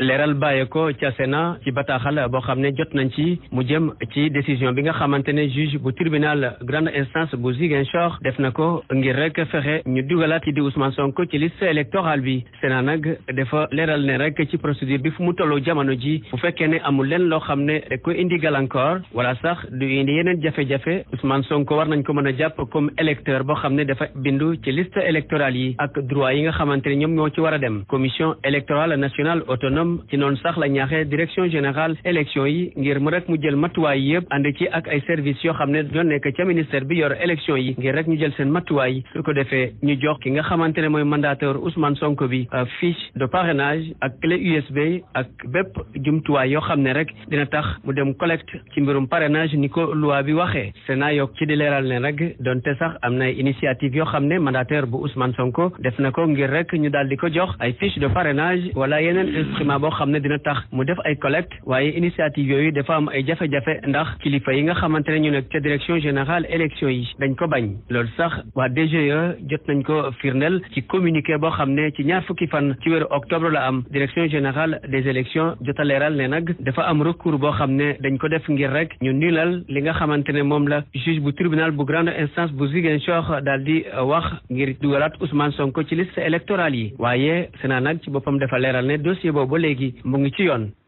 leeral bàyyee ko ca Sénat ci bataaxal boo xam ne jot nañ ci mu jëm ci décision bi nga xamante ne juge bu tribunal grande instance bu Ziguinchor def na ko ngir rek fexe ñu dugalaat ci di Ousmane Sonko ci liste électorale bi Sénat nag dafa leeral ne rek ci procédure bi fu mu tolloo jamono ji bu fekkee ne amul lenn loo xam ne da koy indi gàllankoor wala sax du indi yeneen jafe-jafe Ousmane Sonko war nañ ko mën a jàpp comme électeur boo xam ne dafa bindu ci liste électorale yi ak droit yi nga xamante ne ñoom ñoo ci war a dem itam ci noonu sax la ñaaxee direction générale élection yi ngir mu rek mu jël matuwaay yëpp ànd ci ak ay service yoo xam ne ñoo nekk ca ministère bi yor élection yi ngir rek ñu jël seen matuwaay su ko defee ñu jox ki nga xamante ne mooy mandataire Ousmane Sonko bi euh, fiche de parrainage ak clé USB ak bépp jumtuwaay yoo xam ne rek dina tax mu dem collecte ci mbirum parrainage ni ko loi bi waxee Sénat yokk ci di leeral ne rek donte sax am na initiative yoo xam ne mandataire bu Ousmane Sonko financement boo xam ne dina tax mu def ay collecte waaye initiative yooyu dafa am ay jafe-jafe ndax kilifa yi nga xamante ne ñu nekk ca direction générale élection yi dañ ko bañ loolu sax waa DGE jot nañ ko firndeel ci communiqué boo xam ne ci ñaar fukki fan ci weeru octobre la am direction générale des élections jot a leeral ne nag dafa am recours boo xam ne dañ ko def ngir rek ñu nilal li nga xamante ne moom la juge bu tribunal bu grande instance bu Ziguinchor daal di wax ngir dugalaat Ousmane Sonko ci liste électorale yi léegi mu ngi ci yoon